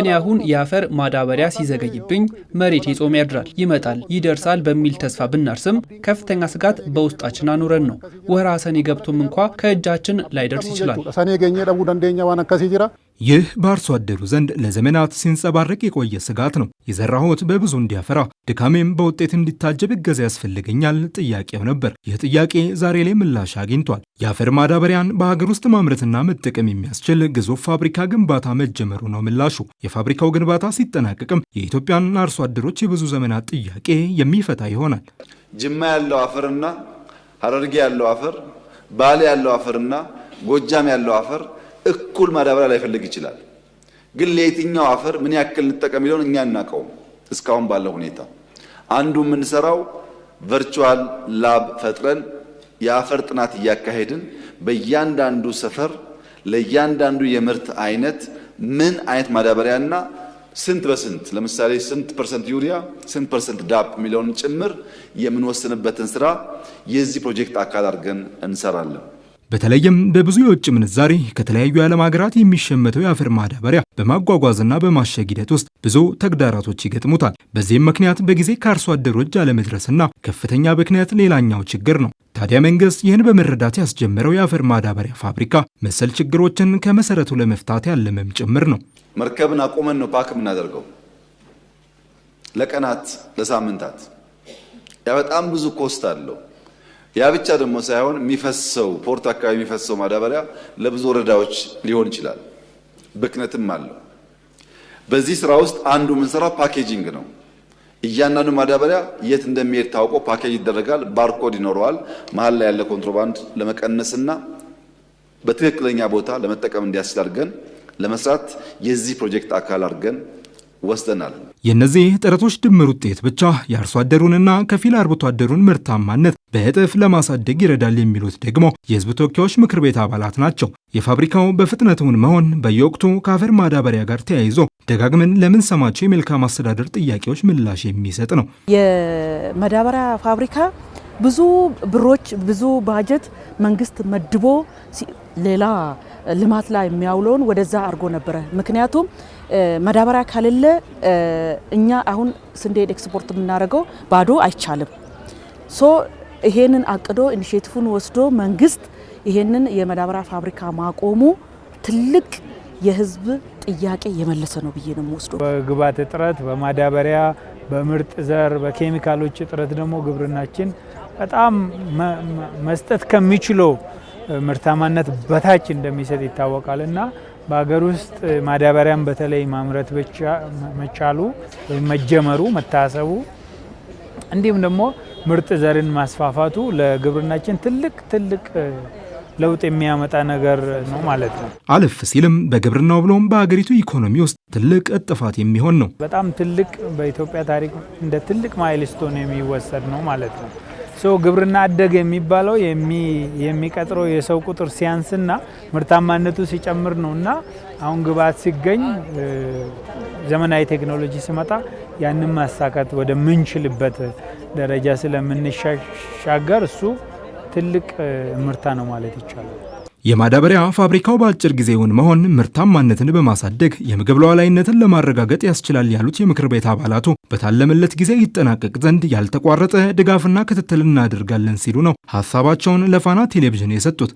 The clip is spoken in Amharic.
እኔ አሁን የአፈር ማዳበሪያ ሲዘገይብኝ መሬት የጾም ያድራል፣ ይመጣል፣ ይደርሳል በሚል ተስፋ ብናርስም ከፍተኛ ስጋት በውስጣችን አኑረን ነው። ወራ ሰኔ ገብቶም እንኳ ከእጃችን ላይደርስ ይችላል። ይህ በአርሶ አደሩ ዘንድ ለዘመናት ሲንጸባረቅ የቆየ ስጋት ነው። የዘራሁት በብዙ እንዲያፈራ ድካሜም በውጤት እንዲታጀብ እገዛ ያስፈልገኛል ጥያቄው ነበር። ይህ ጥያቄ ዛሬ ላይ ምላሽ አግኝቷል። የአፈር ማዳበሪያን በሀገር ውስጥ ማምረትና መጠቀም የሚያስችል ግዙፍ ፋብሪካ ግንባታ መጀመሩ ነው ምላሹ። የፋብሪካው ግንባታ ሲጠናቀቅም የኢትዮጵያን አርሶ አደሮች የብዙ ዘመናት ጥያቄ የሚፈታ ይሆናል። ጅማ ያለው አፈርና ሀረርጌ ያለው አፈር፣ ባሌ ያለው አፈርና ጎጃም ያለው አፈር እኩል ማዳበሪያ ላይፈልግ ይችላል። ግን ለየትኛው አፈር ምን ያክል እንጠቀም የሚለውን እኛ እናውቀውም። እስካሁን ባለው ሁኔታ አንዱ የምንሰራው ቨርቹዋል ላብ ፈጥረን የአፈር ጥናት እያካሄድን በእያንዳንዱ ሰፈር ለእያንዳንዱ የምርት አይነት ምን አይነት ማዳበሪያና ስንት በስንት ለምሳሌ ስንት ፐርሰንት ዩሪያ ስንት ፐርሰንት ዳፕ የሚለውን ጭምር የምንወስንበትን ስራ የዚህ ፕሮጀክት አካል አድርገን እንሰራለን። በተለይም በብዙ የውጭ ምንዛሬ ከተለያዩ የዓለም ሀገራት የሚሸመተው የአፈር ማዳበሪያ በማጓጓዝና በማሸግ ሂደት ውስጥ ብዙ ተግዳራቶች ይገጥሙታል። በዚህም ምክንያት በጊዜ ከአርሶ አደሮች አለመድረስና ከፍተኛ ብክነት ሌላኛው ችግር ነው። ታዲያ መንግስት ይህን በመረዳት ያስጀመረው የአፈር ማዳበሪያ ፋብሪካ መሰል ችግሮችን ከመሰረቱ ለመፍታት ያለመም ጭምር ነው። መርከብን አቁመን ነው ፓክ የምናደርገው ለቀናት፣ ለሳምንታት ያ በጣም ብዙ ኮስት አለው። ያ ብቻ ደግሞ ሳይሆን የሚፈሰው ፖርት አካባቢ የሚፈሰው ማዳበሪያ ለብዙ ወረዳዎች ሊሆን ይችላል። ብክነትም አለው። በዚህ ስራ ውስጥ አንዱ የምንሰራው ፓኬጂንግ ነው። እያንዳንዱ ማዳበሪያ የት እንደሚሄድ ታውቆ ፓኬጅ ይደረጋል። ባርኮድ ይኖረዋል። መሀል ላይ ያለ ኮንትሮባንድ ለመቀነስና በትክክለኛ ቦታ ለመጠቀም እንዲያስችል አድርገን ለመስራት የዚህ ፕሮጀክት አካል አድርገን ወስደናል። የእነዚህ ጥረቶች ድምር ውጤት ብቻ የአርሶ አደሩንና ከፊል አርብቶ አደሩን ምርታማነት በእጥፍ ለማሳደግ ይረዳል የሚሉት ደግሞ የህዝብ ተወካዮች ምክር ቤት አባላት ናቸው። የፋብሪካው በፍጥነቱን መሆን በየወቅቱ ከአፈር ማዳበሪያ ጋር ተያይዞ ደጋግመን ለምንሰማቸው የመልካም አስተዳደር ጥያቄዎች ምላሽ የሚሰጥ ነው። የማዳበሪያ ፋብሪካ ብዙ ብሮች ብዙ ባጀት መንግስት መድቦ ሌላ ልማት ላይ የሚያውለውን ወደዛ አድርጎ ነበረ። ምክንያቱም መዳበሪያ ከሌለ እኛ አሁን ስንዴ ኤክስፖርት የምናደርገው ባዶ አይቻልም። ሶ ይሄንን አቅዶ ኢኒሼቲቭን ወስዶ መንግስት ይሄንን የመዳበሪያ ፋብሪካ ማቆሙ ትልቅ የህዝብ ጥያቄ የመለሰ ነው ብዬ ነው ወስዶ። በግብዓት እጥረት፣ በማዳበሪያ፣ በምርጥ ዘር፣ በኬሚካሎች እጥረት ደግሞ ግብርናችን በጣም መስጠት ከሚችለው ምርታማነት በታች እንደሚሰጥ ይታወቃል እና በሀገር ውስጥ ማዳበሪያን በተለይ ማምረት መቻሉ ወይም መጀመሩ መታሰቡ እንዲሁም ደግሞ ምርጥ ዘርን ማስፋፋቱ ለግብርናችን ትልቅ ትልቅ ለውጥ የሚያመጣ ነገር ነው ማለት ነው። አለፍ ሲልም በግብርናው ብሎም በሀገሪቱ ኢኮኖሚ ውስጥ ትልቅ እጥፋት የሚሆን ነው። በጣም ትልቅ በኢትዮጵያ ታሪክ እንደ ትልቅ ማይልስቶን የሚወሰድ ነው ማለት ነው። ግብርና አደግ የሚባለው የሚቀጥረው የሰው ቁጥር ሲያንስና ምርታማነቱ ሲጨምር ነው እና አሁን ግብዓት ሲገኝ ዘመናዊ ቴክኖሎጂ ሲመጣ ያንን ማሳካት ወደምንችልበት ደረጃ ስለምንሻሻገር እሱ ትልቅ ምርታ ነው ማለት ይቻላል። የማዳበሪያ ፋብሪካው በአጭር ጊዜ እውን መሆን ምርታማነትን በማሳደግ የምግብ ሉዓላዊነትን ለማረጋገጥ ያስችላል ያሉት የምክር ቤት አባላቱ በታለመለት ጊዜ ይጠናቀቅ ዘንድ ያልተቋረጠ ድጋፍና ክትትል እናደርጋለን ሲሉ ነው ሀሳባቸውን ለፋና ቴሌቪዥን የሰጡት።